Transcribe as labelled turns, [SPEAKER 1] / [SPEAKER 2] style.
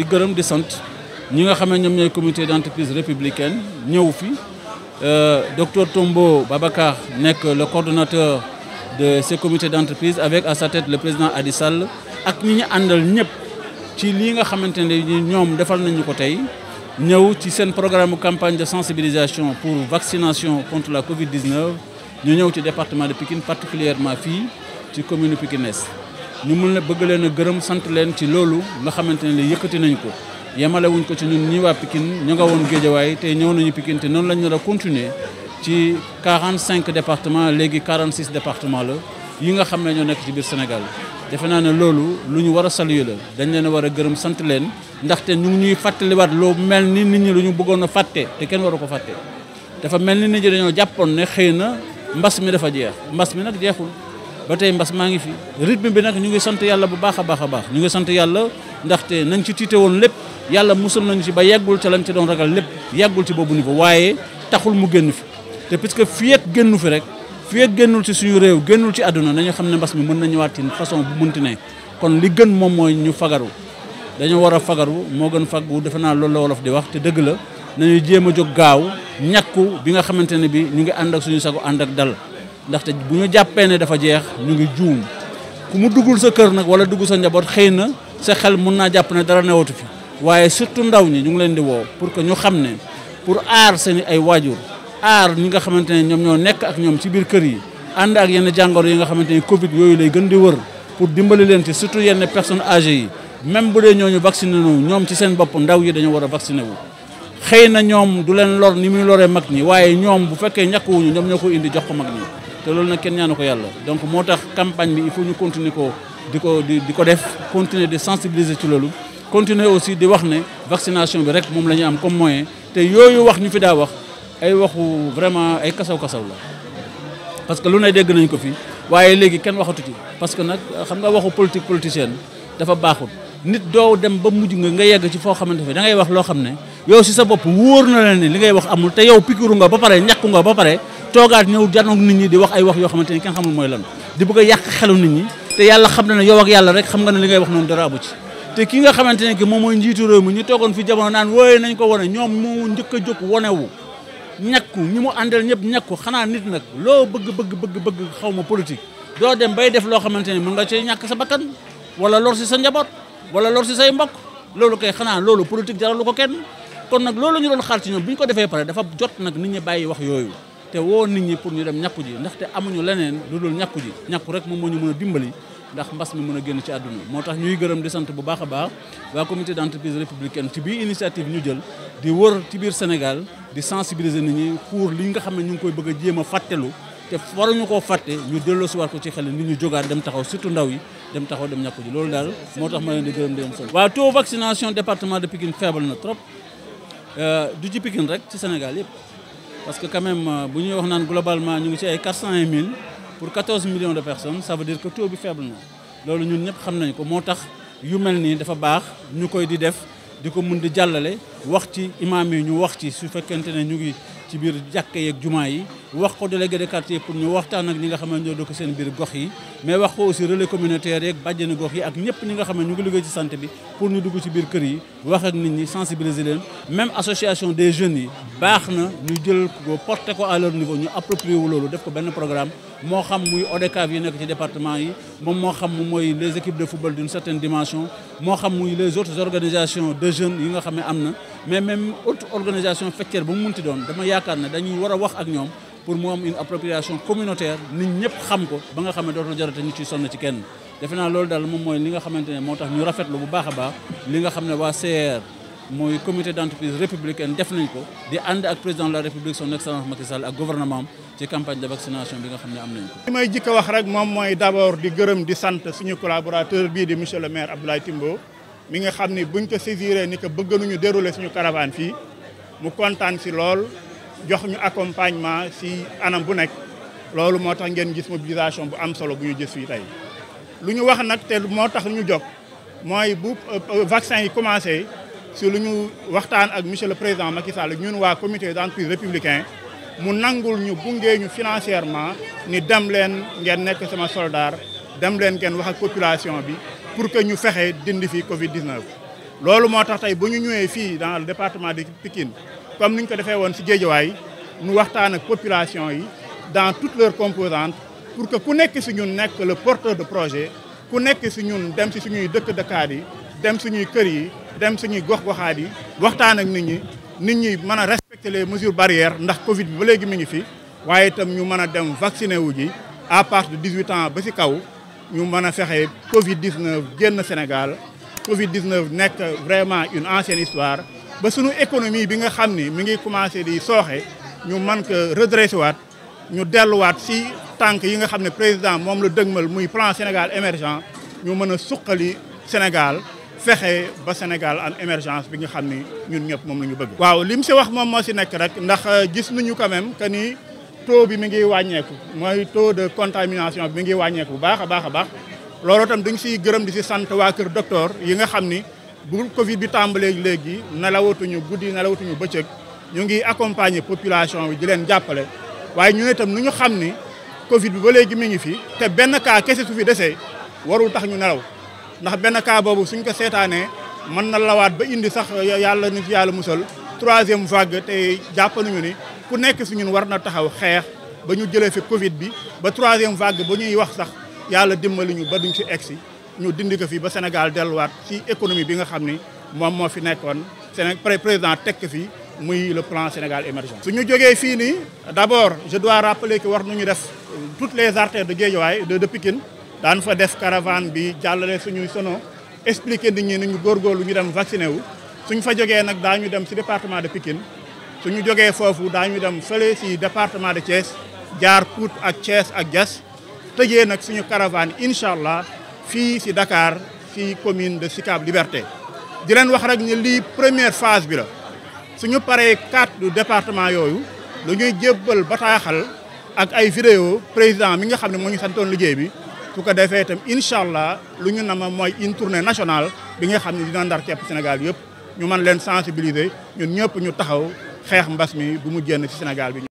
[SPEAKER 1] di gërëm di sant ñi nga xam ne ñoom ñooy comité d'entreprise républicaine ñëw fi euh, docteur Tombo Babacar nekk le coordonnateur de ce comité d'entreprise avec à sa tête le président Adi Sall ak ñi ñu àndal ñëpp ci lii nga xamante ne ñoom defal nañu ko tey ñëw ci seen programme campagne de sensibilisation pour vaccination contre la Covid-19 ñu ñëw ci département de Pikine particulièrement fii ci commune Pikine Est ñu mun na bëgg leen a gërëm sant leen ci loolu nga xamante ne li yëkkati nañ ko yemale ko ci ñun ñi waa Pikine ñu nga woon Géejawaay tey ñëw nañu Pikine te noonu lañ nar a continuer ci 45 département léegi 46 département la yi nga xam ne ñoo nekk ci biir senegal defe naa ne loolu lu ñu war a saluer la dañ leen a war a gërëm sant leen ndaxte ñu ngi ñuy fàttaliwaat loo mel ni nit ñi lu ñu bëggoon a fàtte te kenn waru ko fàtte dafa mel ni nit ñi dañoo jàppoon ne xëy na mbas mi dafa jeex mbas mi nag jeexul ba tey mbas maa ngi fi rythme bi nag ñu ngi sant yàlla bu baax a baax a baax ñu ngi sant yàlla ndaxte nañ ci tiite woon lépp yàlla musul nañ ci ba yàggul ca lañ ci doon ragal lépp yeggul ci boobu niveau waaye taxul mu génn fi te puisque fii ak génnu fi rek fii ak génnul ci suñu réew génnul ci àdduna nañu xam ne mbas mi mën na ñëwaat ci façon bu munti ne kon li gën moom mooy ñu fagaru dañoo war a fagaru moo gën fag faggu defe naa loolu la wolof di wax te dëgg la nañu jéem a jóg gaaw ñàkku bi nga xamante ne bi ñu ngi ànd ak suñu sago ànd ak dal ndaxte bu ñu jàppee ne dafa jeex ñu ngi juum ku mu duggul sa kër nag wala dugg sa njaboot xëy na sa xel mun naa jàpp ne dara newatu fi waaye surtout ndaw ñi ñu ngi leen di woo pour que ñu xam ne pour aar seen ay waajur aar ñi nga xamante ne ñoom ñoo nekk ak ñoom ci biir kër yi ànd ak yenn jàngoro yi nga xamante ni Covid yooyu lay gën di wër pour dimbali leen surtout yenn personnes age yi même bu dee ñooñu vacciné wu ñoom ci seen bopp ndaw yi dañoo war a vacciné wu. xëy na ñoom du leen lor ni muy loree mag ñi waaye ñoom bu fekkee ñàkkuwuñu ñoom ñoo ko indi jox ko mag ñi. te loolu nag kenn ñaanu ko yàlla donc moo tax campagne bi il faut ñu continuer ko di ko di di ko def continuer de sensibiliser ci loolu continuer aussi di wax ne vaccination bi rek moom la am comme moyen te yooyu wax ñu fi daa wax ay waxu vraiment ay kasaw-kasaw la parce que lu ne dégg nañ ko fi waaye léegi kenn waxatu ci parce que nag xam nga waxu politique politicienne dafa baaxul nit doo dem ba mujj nga nga yegg ci foo xamante ne da ngay wax loo xam ne yow si sa bopp wóor na ne li ngay wax amul te yow pikiru nga ba pare ñàkku nga ba pare toogaat ñëw janoog nit ñi di wax ay wax yoo xamante ni kenn xamul mooy lan di bëgg yàq xelu nit ñi te yàlla xam na ne yow ak yàlla rek xam nga ne li ngay wax noonu dara abu ci te ki nga xamante ne que moom mooy njiitu réew mi ñu toogoon fi jamono naan wooye nañ ko wane ñoom moo njëkk a jóg wonewu ñàkku ñi mu àndal ñëpp ñàkku xanaa nit nag loo bëgg bëgg bëgg bëgg xaw ma politique doo dem bay def loo xamante ne mën nga cay ñàkk sa bakkan wala lor si sa njaboot wala lor si say mbokk loolu kay xanaa loolu politique jaralu ko kenn kon nag loolu ñu doon xaar ñoom bu ñu ko defee pare dafa jot nag nit ñi bàyyi wax yooyu te woo nit ñi pour ñu dem ñàkku ji ndaxte amuñu leneen lu dul ñàkku ji ñàkku rek moom moo ñu mën a dimbali ndax mbas mi mën a génn ci àdduna moo tax ñuy gërëm di sant bu baax a baax waa comité d'entreprise républicaine ci biir initiative ñu jël di ci biir Sénégal di sensibiliser nit ñi pour li nga xam ne ñu ngi koy bëgg a jéem a fàttelu te waruñu koo fàtte ñu delloo ko ci xel nit ñu jógaat dem taxaw surtout ndaw yi dem taxaw dem ñàkku ji loolu daal moo ma leen di gërëm di leen sant waaw département de Pikine faible na trop euh, du ci Pikine rek ci Sénégal yëpp parce que quand même euh, bu ñuy wax naan globalement ñu ngi ci ay 401000 pour 14 millions de personnes ça veut dire que taux bi faible na loolu ñun ñëpp xam nañ ko moo tax yu mel nii dafa baax ñu koy di def di ko mun di jàllale wax ci imaam yi ñu wax ci su fekkente ne ñu ngi ci biir jàkka yeeg jumaa yi wax ko délégué de quartier pour ñu waxtaan ak ñi nga xam ne ñoo dëkk seen biir gox yi mais wax ko aussi rele communautaire yeeg bàjjenu gox yi ak ñëpp ñi nga xam ne ñu ngi liggéey ci santé bi pour ñu dugg ci biir kër yi wax ak nit ñi sensibiliser leen même association des jeunes yi baax na ñu jël ko porter ko à leur niveau ñu approprier wu loolu def ko benn programme moo xam muy ODCAV yi nekk ci département yi moom moo xam mu mooy les équipes de football d'une certaine dimension moo xam muy les autres organisations de jeunes yi nga xam ne am na mais même autre organisation faîtière ba mu munti doon dama yaakaar ne dañuy war a wax ak ñoom pour moom am une appropriation communautaire nit ñëpp xam ko ba nga xam ne dootul jarate ñu ciy sonn ci kenn defe naa loolu daal moom mooy li nga xamante ne moo tax ñu rafetlu bu baax a baax li nga xam ne waa CR mooy comité d'entreprise républicaine def nañ ko di ànd ak président de la république son excellence Macky Sall ak gouvernement ci campagne de vaccination bi nga xam ne am nañ ko.
[SPEAKER 2] li may a wax rek moom mooy d'abord di gërëm di sant suñu collaborateur bii di monsieur le maire Abdoulaye Timbo mi nga xam ni buñ ko saisiree ni que bëgg nañu dérouler suñu caravane fii mu kontaan si lool. jox ñu accompagnement si anam bu nekk loolu moo tax ngeen gis mobilisation bu am solo bu ñu gis fii tey lu ñu wax nag te moo tax ñu jog mooy bu euh, vaccin yi commencé si lu ñu waxtaan ak monsieur le président Macky Sall ñun waa comité d'entreprise républicain mu nangul ñu gunge ñu financièrement ni dem leen ngeen nekk sama soldat dem leen ngeen wax ak population bi pour que ñu fexe dindi fi Covid 19. loolu moo tax tey bu ñu ñëwee fii dans le département de Pikine comme ni ñu ko defee woon si Géejawaay ñu waxtaan ak population yi dans toutes leurs composantes pour que ku nekk si ñun nekk le porteur de projet ku nekk si ñun dem si suñuy dëkk dëkkaat yi dem suñuy kër yi dem suñuy gox-goxaat yi waxtaan ak nit ñi nit ñi mën a respecter les mesures barrières ndax Covid bi ba léegi mi ngi fi waaye itam ñu mën a dem vacciner wu ji à partir de 18 ans ba ci kaw ñu mën a fexe Covid 19 génn Sénégal Covid 19 nekk vraiment une ancienne histoire. ba sunu économie bi nga xam ni mi ngi commencé di sooxee ñu man ko redressé waat ñu delluwaat si tànk yi nga xam ne président moom la dëgmal muy plan Sénégal émergent ñu mën a suqali Sénégal fexe ba Sénégal am émergence bi nga xam ni ñun ñëpp moom la ñu bëgg. waaw li mu si wax moom moo si nekk rek ndax euh, gis nañu quand même que ni taux bi mi ngi wàññeeku mooy taux de contamination bi mi ngi wàññeeku bu baax a baax a baax loolu tam dañu siy gërëm di si sant waa kër docteur yi nga xam ni. bu Covid bi tàmbalee léegi nelawatuñu guddi nelawatuñu bëccëg ñu ngi accompagner population bi jëleen jàppale waaye ñu ne itam nu ñu xam ni Covid bi ba léegi mi ngi fi te benn kaa kese su fi desee warul tax ñu nelaw ndax benn cas boobu suñ ko seetaanee mën na lawaat ba indi sax yàlla nit yàlla musal troisième vague te jàpp nañu ni ku nekk si ñun war na taxaw xeex ba ñu jëlee fi Covid bi ba troisième vague ba ñuy wax sax yàlla dimbali ñu ba duñ ci egsi ñu dindi ko fii ba Sénégal delluwaat si économie bi nga xam ni moom moo fi nekkoon Séné président tekk fi muy le plan Sénégal émergent. su ñu jógee fii nii d' abord je dois rappeler war war ñu def toutes les artères de Guédiawaye de de Pikine daan fa def caravane bi jàllale suñuy sono expliquer nit ñi ni ñu lu ñu dem vacciné wu. suñ fa jogee nag ñu dem si département de su ñu jogee foofu daa ñu dem fële si département de Thiès jaar Pout ak Thiès ak Diass tëjee nag suñu caravane incha allah. fii si dakaar si commune de Sicap Liberté di leen wax rek ne lii première phase bi la suñu paree quatre du département yooyu dañuy jébbal bataaxal ak ay vidéo président mi nga xam ne moo ñu santoon liggéey bi su ko defee itam incha allah lu ñu nama mooy une national bi nga xam ni dina ndar képp Sénégal yëpp ñu man leen sensibiliser ñun ñëpp ñu taxaw xeex mbas mi bu mu génn ci Sénégal bi